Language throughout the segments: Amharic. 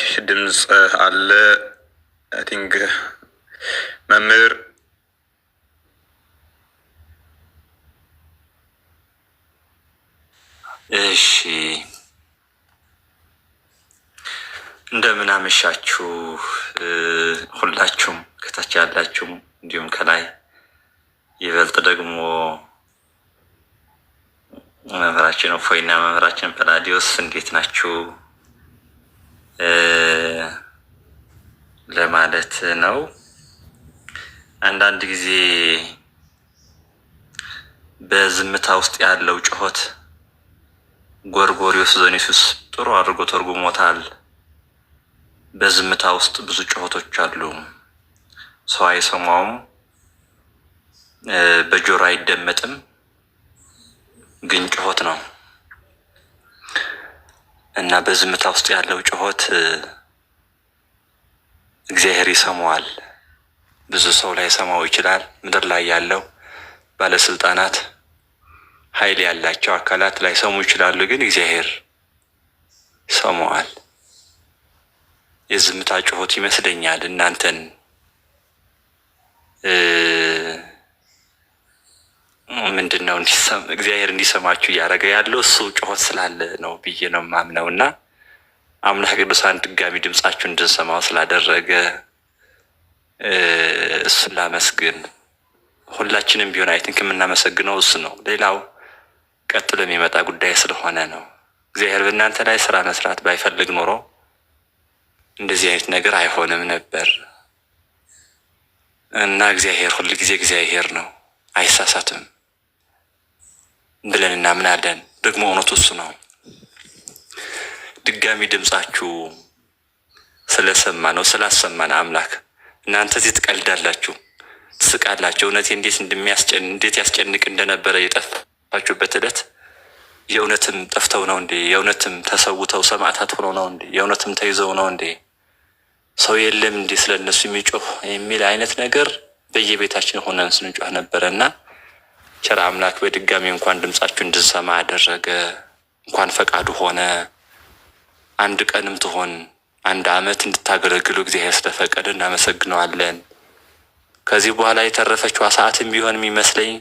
የማርክ ድምፅ አለ ቲንግ መምህር እሺ እንደምን አመሻችሁ ሁላችሁም ከታች ያላችሁም እንዲሁም ከላይ ይበልጥ ደግሞ መምህራችን እፎይና መምህራችን ጰላዲዮስ እንዴት ናችሁ? ለማለት ነው። አንዳንድ ጊዜ በዝምታ ውስጥ ያለው ጩኸት ጎርጎሪዮስ ዘኒሱስ ጥሩ አድርጎ ተርጉሞታል። በዝምታ ውስጥ ብዙ ጩኸቶች አሉ፣ ሰው አይሰማውም፣ በጆሮ አይደመጥም፣ ግን ጩኸት ነው እና በዝምታ ውስጥ ያለው ጩኸት እግዚአብሔር ይሰማዋል። ብዙ ሰው ላይ ሰማው ይችላል። ምድር ላይ ያለው ባለስልጣናት፣ ኃይል ያላቸው አካላት ላይ ሰሙ ይችላሉ፣ ግን እግዚአብሔር ሰማዋል። የዝምታ ጩኸት ይመስለኛል እናንተን ምንድን ነው እግዚአብሔር እንዲሰማችሁ እያደረገ ያለው እሱ ጩኸት ስላለ ነው ብዬ ነው የማምነው እና አምላክ ቅዱሳን ድጋሚ ድምፃችሁ እንድንሰማው ስላደረገ እሱን ላመስግን። ሁላችንም ቢሆን አይትን የምናመሰግነው እሱ ነው። ሌላው ቀጥሎ የሚመጣ ጉዳይ ስለሆነ ነው። እግዚአብሔር በእናንተ ላይ ስራ መስራት ባይፈልግ ኖሮ እንደዚህ አይነት ነገር አይሆንም ነበር እና እግዚአብሔር ጊዜ እግዚአብሔር ነው፣ አይሳሳትም ብለን እናምናለን። ደግሞ እውነቱ እሱ ነው። ድጋሚ ድምፃችሁ ስለሰማ ነው ስላሰማን አምላክ። እናንተ እዚህ ትቀልዳላችሁ፣ ትስቃላችሁ። እውነቴ እንዴት እንዴት ያስጨንቅ እንደነበረ የጠፋችሁበት ዕለት የእውነትም ጠፍተው ነው እንዴ? የእውነትም ተሰውተው ሰማዕታት ሆነው ነው እንዴ? የእውነትም ተይዘው ነው እንዴ? ሰው የለም እንዴ ስለ እነሱ የሚጮህ የሚል አይነት ነገር በየቤታችን ሆነን ስንጮህ ነበረ እና ቸር አምላክ በድጋሚ እንኳን ድምጻችሁ እንድንሰማ አደረገ እንኳን ፈቃዱ ሆነ። አንድ ቀንም ትሆን አንድ ዓመት እንድታገለግሉ እግዚአብሔር ስለፈቀደ እናመሰግነዋለን። ከዚህ በኋላ የተረፈችዋ ሰዓትም ቢሆን የሚመስለኝ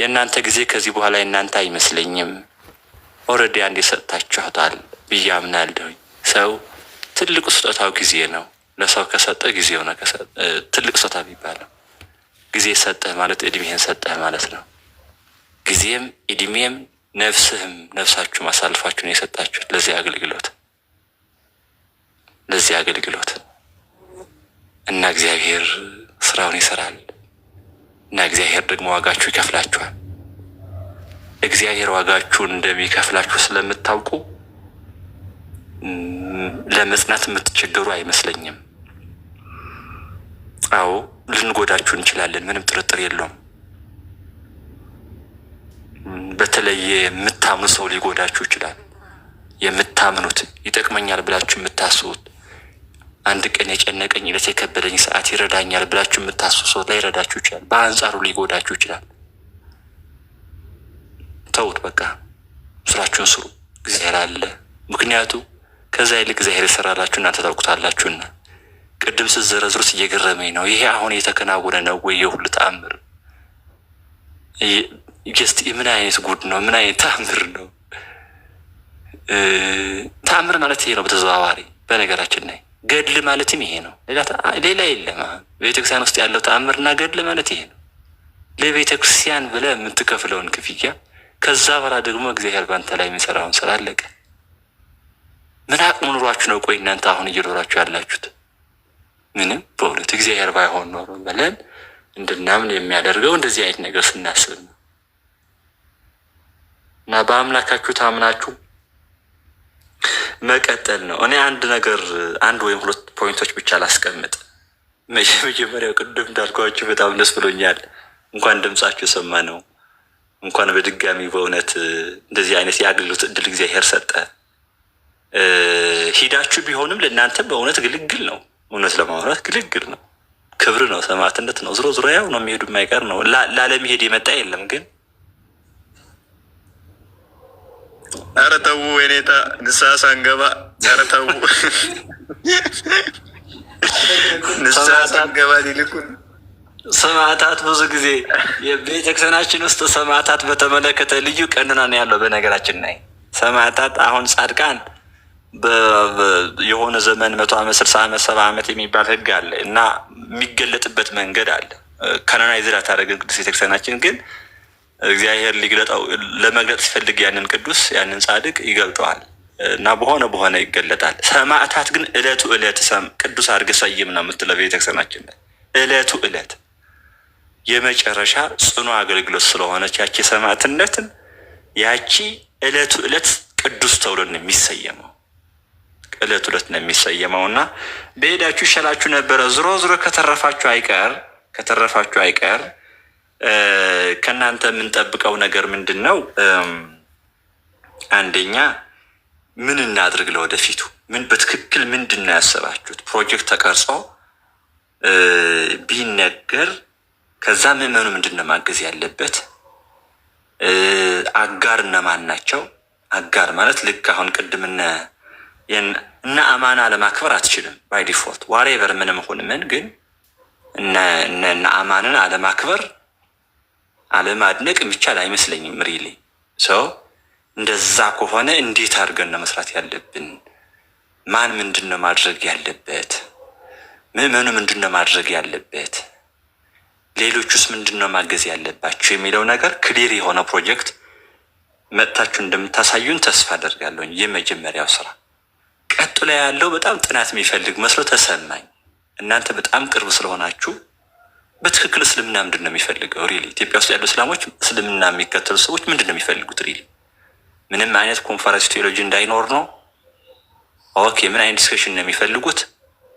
የእናንተ ጊዜ ከዚህ በኋላ የእናንተ አይመስለኝም። ኦልሬዲ አንድ የሰጥታችኋታል ብዬ አምናለሁኝ። ሰው ትልቁ ስጦታው ጊዜ ነው። ለሰው ከሰጠ ጊዜ ሆነ ትልቅ ስጦታ የሚባለው። ጊዜ ሰጠህ ማለት እድሜህን ሰጠህ ማለት ነው። ጊዜም እድሜም ነፍስህም ነፍሳችሁም አሳልፋችሁን የሰጣችሁት ለዚህ አገልግሎት ለዚህ አገልግሎት እና እግዚአብሔር ስራውን ይሰራል እና እግዚአብሔር ደግሞ ዋጋችሁ ይከፍላችኋል። እግዚአብሔር ዋጋችሁን እንደሚከፍላችሁ ስለምታውቁ ለመጽናት የምትቸገሩ አይመስለኝም። አዎ ልንጎዳችሁ እንችላለን፣ ምንም ጥርጥር የለውም። በተለየ የምታምኑ ሰው ሊጎዳችሁ ይችላል። የምታምኑት ይጠቅመኛል ብላችሁ የምታስቡት አንድ ቀን የጨነቀኝ ዕለት የከበደኝ ሰዓት ይረዳኛል ብላችሁ የምታስቡ ሰው ላይረዳችሁ ይችላል። በአንጻሩ ሊጎዳችሁ ይችላል። ተውት፣ በቃ ስራችሁን ስሩ። እግዚአብሔር አለ። ምክንያቱ ከዛ ይልቅ እግዚአብሔር ይሰራላችሁ እናንተ ታውቁታላችሁና። ቅድም ስዘረዝሩት እየገረመኝ ነው። ይሄ አሁን የተከናወነ ነው ወይ የሁሉ ተአምር ስ ምን አይነት ጉድ ነው? ምን አይነት ተአምር ነው? ተአምር ማለት ይሄ ነው በተዘዋዋሪ በነገራችን ላይ ገድል ማለትም ይሄ ነው። ሌላ የለም። ቤተክርስቲያን ውስጥ ያለው ተአምርና ገድል ማለት ይሄ ነው። ለቤተክርስቲያን ብለ የምትከፍለውን ክፍያ ከዛ በኋላ ደግሞ እግዚአብሔር ባንተ ላይ የሚሰራውን ስራ አለቀ። ምን አቅሙ ኑሯችሁ ነው? ቆይ እናንተ አሁን እየኖራችሁ ያላችሁት ምንም በእውነት እግዚአብሔር ባይሆን ኖሮ ብለን እንድናምን የሚያደርገው እንደዚህ አይነት ነገር ስናስብ ነው እና በአምላካችሁ ታምናችሁ መቀጠል ነው። እኔ አንድ ነገር አንድ ወይም ሁለት ፖይንቶች ብቻ ላስቀምጥ። መጀመሪያው ቅድም እንዳልኳችሁ በጣም ደስ ብሎኛል። እንኳን ድምጻችሁ ሰማ ነው። እንኳን በድጋሚ በእውነት እንደዚህ አይነት የአገልግሎት እድል እግዚአብሔር ሰጠ። ሂዳችሁ ቢሆንም ለእናንተ በእውነት ግልግል ነው። እውነት ለማውራት ግልግል ነው። ክብር ነው፣ ሰማዕትነት ነው። ዝሮ ዝሮ ያው ነው፣ የሚሄዱ የማይቀር ነው። ላለመሄድ የመጣ የለም ግን ኧረ ተው የኔታ ንስሐ ሳንገባ ኧረ ተው ንስሐ ሳንገባ ሊልኩን ሰማዕታት ብዙ ጊዜ የቤተክርስቲያናችን ውስጥ ሰማዕታት በተመለከተ ልዩ ቀንና ነው ያለው። በነገራችን ላይ ሰማዕታት አሁን ጻድቃን የሆነ ዘመን መቶ ዓመት ስልሳ ዓመት ሰባ ዓመት የሚባል ህግ አለ እና የሚገለጥበት መንገድ አለ። ከኖናይዝ አታደርግም ቅድስት ቤተክርስቲያናችን ግን እግዚአብሔር ሊግለጠው ለመግለጥ ሲፈልግ ያንን ቅዱስ ያንን ጻድቅ ይገልጠዋል እና በሆነ በሆነ ይገለጣል። ሰማዕታት ግን እለቱ እለት ቅዱስ አድርገህ ሰይም ነው የምትለው ቤተክርስቲያናችን ላይ እለቱ እለት የመጨረሻ ጽኑ አገልግሎት ስለሆነች ያቺ ሰማዕትነትን ያቺ እለቱ እለት ቅዱስ ተብሎ ነው የሚሰየመው። እለቱ እለት ነው የሚሰየመው እና በሄዳችሁ ይሻላችሁ ነበረ። ዝሮ ዝሮ ከተረፋችሁ አይቀር ከተረፋችሁ አይቀር ከእናንተ የምንጠብቀው ነገር ምንድን ነው? አንደኛ ምን እናድርግ ለወደፊቱ፣ ምን በትክክል ምንድን ነው ያሰባችሁት? ፕሮጀክት ተቀርጾ ቢነገር ከዛ ምዕመኑ ምንድን ነው ማገዝ ያለበት? አጋር እነማን ናቸው? አጋር ማለት ልክ አሁን ቅድም እነ አማና ለማክበር አትችልም ባይ ዲፎልት ዋሬቨር ምንም ሁን ምን ግን እነ አማንን አለማክበር አለማድነቅ የሚቻል አይመስለኝም። ሪሊ ሰው እንደዛ ከሆነ እንዴት አድርገን ነው መስራት ያለብን? ማን ምንድን ነው ማድረግ ያለበት? ምዕመኑ ምንድን ነው ማድረግ ያለበት? ሌሎቹስ ምንድን ነው ማገዝ ያለባቸው የሚለው ነገር ክሊር የሆነ ፕሮጀክት መጥታችሁ እንደምታሳዩን ተስፋ አደርጋለሁ። የመጀመሪያው ስራ ቀጥሎ ያለው በጣም ጥናት የሚፈልግ መስሎ ተሰማኝ። እናንተ በጣም ቅርብ ስለሆናችሁ በትክክል እስልምና ምንድን ነው የሚፈልገው? ሪሊ ኢትዮጵያ ውስጥ ያሉ እስላሞች እስልምና የሚከተሉ ሰዎች ምንድን ነው የሚፈልጉት? ሪሊ ምንም አይነት ኮንፈረንስ ቴዎሎጂ እንዳይኖር ነው። ኦኬ፣ ምን አይነት ዲስከሽን ነው የሚፈልጉት?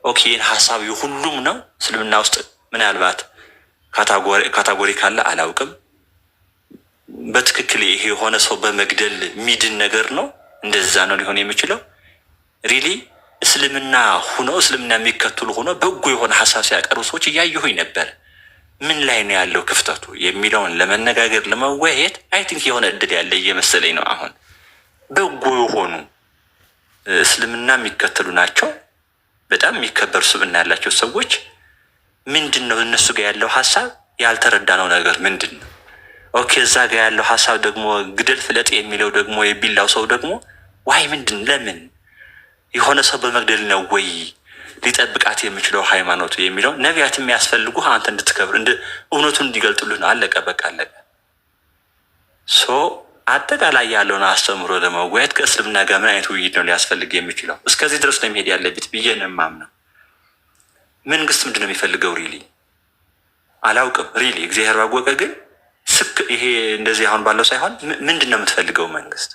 ኦኬ፣ ይህን ሀሳብ የሁሉም ነው። እስልምና ውስጥ ምናልባት ካታጎሪ ካለ አላውቅም። በትክክል ይሄ የሆነ ሰው በመግደል ሚድን ነገር ነው፣ እንደዛ ነው ሊሆን የሚችለው ሪሊ እስልምና ሁኖ እስልምና የሚከተሉ ሆኖ በጎ የሆነ ሀሳብ ሲያቀርቡ ሰዎች እያየሁኝ ነበር። ምን ላይ ነው ያለው ክፍተቱ የሚለውን ለመነጋገር ለመወያየት አይ ቲንክ የሆነ እድል ያለ እየመሰለኝ ነው። አሁን በጎ የሆኑ እስልምና የሚከተሉ ናቸው በጣም የሚከበሩ ስብዕና ያላቸው ሰዎች ምንድን ነው እነሱ ጋር ያለው ሀሳብ ያልተረዳነው ነገር ምንድን ነው? ኦኬ እዛ ጋር ያለው ሀሳብ ደግሞ ግደል ፍለጥ የሚለው ደግሞ የቢላው ሰው ደግሞ ዋይ ምንድን ለምን የሆነ ሰው በመግደል ነው ወይ ሊጠብቃት የሚችለው ሃይማኖቱ የሚለው ነቢያት የሚያስፈልጉ አንተ እንድትከብር እውነቱን እንዲገልጡልን አለቀ፣ በቃ አለቀ። ሶ አጠቃላይ ያለውን አስተምሮ ለመወያየት ከእስልምና ጋር ምን አይነት ውይይት ነው ሊያስፈልግ የሚችለው? እስከዚህ ድረስ ነው የሚሄድ ያለበት ብዬ ነው የማምነው። መንግስት ምንድን ነው የሚፈልገው? ሪሊ አላውቅም። ሪሊ እግዚአብሔር ባወቀ ግን ስክ ይሄ እንደዚህ አሁን ባለው ሳይሆን ምንድን ነው የምትፈልገው መንግስት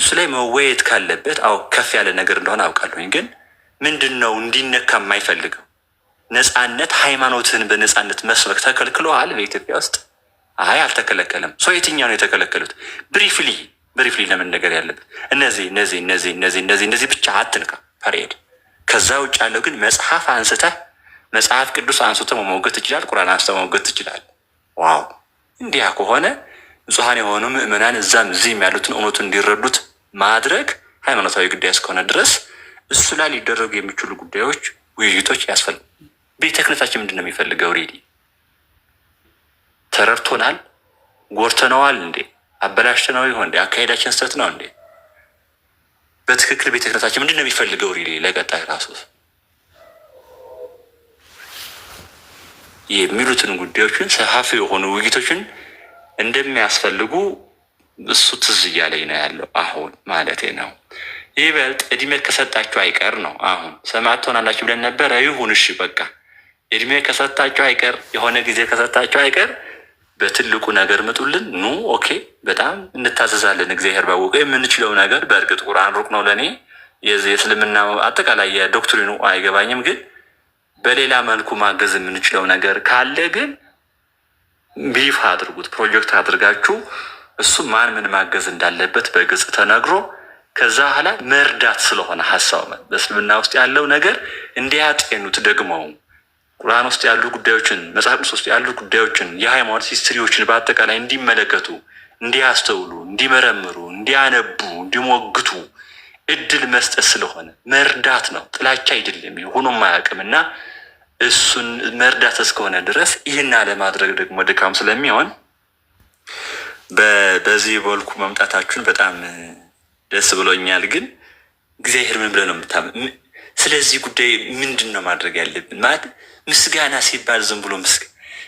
እሱ ላይ መወየት ካለበት አው ከፍ ያለ ነገር እንደሆነ አውቃለሁኝ። ግን ምንድን ነው እንዲነካ የማይፈልገው ነፃነት፣ ሃይማኖትን በነፃነት መስበክ ተከልክለዋል በኢትዮጵያ ውስጥ? አይ አልተከለከለም። ሰው የትኛው ነው የተከለከሉት? ብሪፍሊ ብሪፍሊ ለመነገር ያለበት እነዚህ እነዚህ እነዚህ እነዚህ እነዚህ እነዚህ ብቻ አትንካ ፐሬድ። ከዛ ውጭ ያለው ግን መጽሐፍ አንስተህ መጽሐፍ ቅዱስ አንስቶ መሞገት ትችላል። ቁርአን አንስቶ መሞገት ትችላል። ዋው! እንዲያ ከሆነ ንጹሐን የሆኑ ምእመናን እዛም እዚህም ያሉትን እውነቱን እንዲረዱት ማድረግ ሃይማኖታዊ ጉዳይ እስከሆነ ድረስ እሱ ላይ ሊደረጉ የሚችሉ ጉዳዮች፣ ውይይቶች ያስፈል ቤተ ክህነታችን ምንድን ነው የሚፈልገው? ሬዲ ተረድቶናል? ጎርተነዋል እንዴ? አበላሽተነው ይሆን እንዴ? አካሄዳችን ስህተት ነው እንዴ? በትክክል ቤተ ክህነታችን ምንድን ነው የሚፈልገው? ሬዲ ለቀጣይ ራሱ የሚሉትን ጉዳዮችን ሰፋፊ የሆኑ ውይይቶችን እንደሚያስፈልጉ እሱ ትዝ እያለኝ ነው ያለው አሁን ማለቴ ነው። ይበልጥ እድሜ ከሰጣችሁ አይቀር ነው። አሁን ሰማዕት ትሆናላችሁ ብለን ነበረ። ይሁን እሺ፣ በቃ እድሜ ከሰጣችሁ አይቀር የሆነ ጊዜ ከሰጣችሁ አይቀር በትልቁ ነገር ምጡልን። ኑ ኦኬ፣ በጣም እንታዘዛለን። እግዚአብሔር ባወቀ የምንችለው ነገር በእርግጥ ቁርአን ሩቅ ነው ለእኔ የዚህ የእስልምና አጠቃላይ የዶክትሪኑ አይገባኝም፣ ግን በሌላ መልኩ ማገዝ የምንችለው ነገር ካለ ግን ቢፋ አድርጉት ፕሮጀክት አድርጋችሁ እሱ ማን ምን ማገዝ እንዳለበት በግልጽ ተነግሮ ከዛ በኋላ መርዳት ስለሆነ ሀሳብ በእስልምና ውስጥ ያለው ነገር እንዲያጤኑት ደግሞ ቁርአን ውስጥ ያሉ ጉዳዮችን መጽሐፍ ቅዱስ ውስጥ ያሉ ጉዳዮችን የሃይማኖት ሂስትሪዎችን በአጠቃላይ እንዲመለከቱ፣ እንዲያስተውሉ፣ እንዲመረምሩ፣ እንዲያነቡ፣ እንዲሞግቱ እድል መስጠት ስለሆነ መርዳት ነው። ጥላቻ አይደለም። ሆኖም አያውቅም እና እሱን መርዳት እስከሆነ ድረስ ይህን አለማድረግ ደግሞ ድካም ስለሚሆን በዚህ በልኩ መምጣታችሁን በጣም ደስ ብሎኛል። ግን እግዚአብሔር ምን ብለህ ነው የምታምን? ስለዚህ ጉዳይ ምንድን ነው ማድረግ ያለብን? ማለት ምስጋና ሲባል ዝም ብሎ ምስ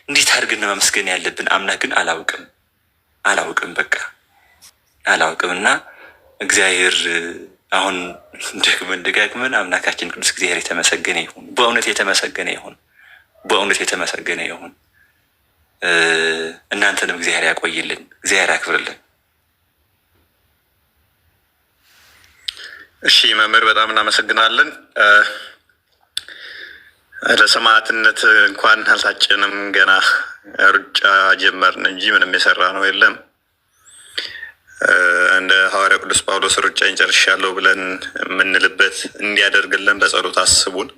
እንዴት አድርግን መመስገን ያለብን? አምና ግን አላውቅም አላውቅም በቃ አላውቅም። እና እግዚአብሔር አሁን ደግመን ደጋግመን አምላካችን ቅዱስ እግዚአብሔር የተመሰገነ ይሁን፣ በእውነት የተመሰገነ ይሁን፣ በእውነት የተመሰገነ ይሁን። እናንተንም እግዚአብሔር ያቆይልን፣ እግዚአብሔር ያክብርልን። እሺ መምህር በጣም እናመሰግናለን። ለሰማዕትነት እንኳን አልታጭንም። ገና ሩጫ ጀመርን እንጂ ምንም የሰራ ነው የለም። እንደ ሐዋርያ ቅዱስ ጳውሎስ ሩጫ እንጨርሻለሁ ብለን የምንልበት እንዲያደርግልን በጸሎት አስቡን።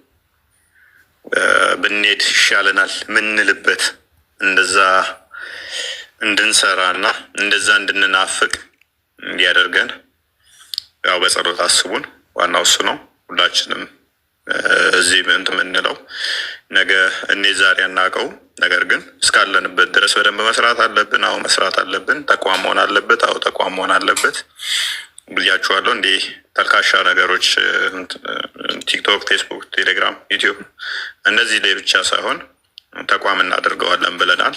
ብንሄድ ይሻለናል ምንልበት እንደዛ እንድንሰራና እንደዛ እንድንናፍቅ እንዲያደርገን ያው በጸሎት አስቡን። ዋናው እሱ ነው። ሁላችንም እዚህ ምንት የምንለው ነገ እኔ ዛሬ አናውቀው፣ ነገር ግን እስካለንበት ድረስ በደንብ መስራት አለብን። አሁ መስራት አለብን። ተቋም መሆን አለበት። አሁ ተቋም መሆን አለበት ብያችኋለሁ። እንዲህ ተልካሻ ነገሮች ቲክቶክ፣ ፌስቡክ፣ ቴሌግራም፣ ዩቲዩብ እነዚህ ላይ ብቻ ሳይሆን ተቋም እናደርገዋለን ብለናል።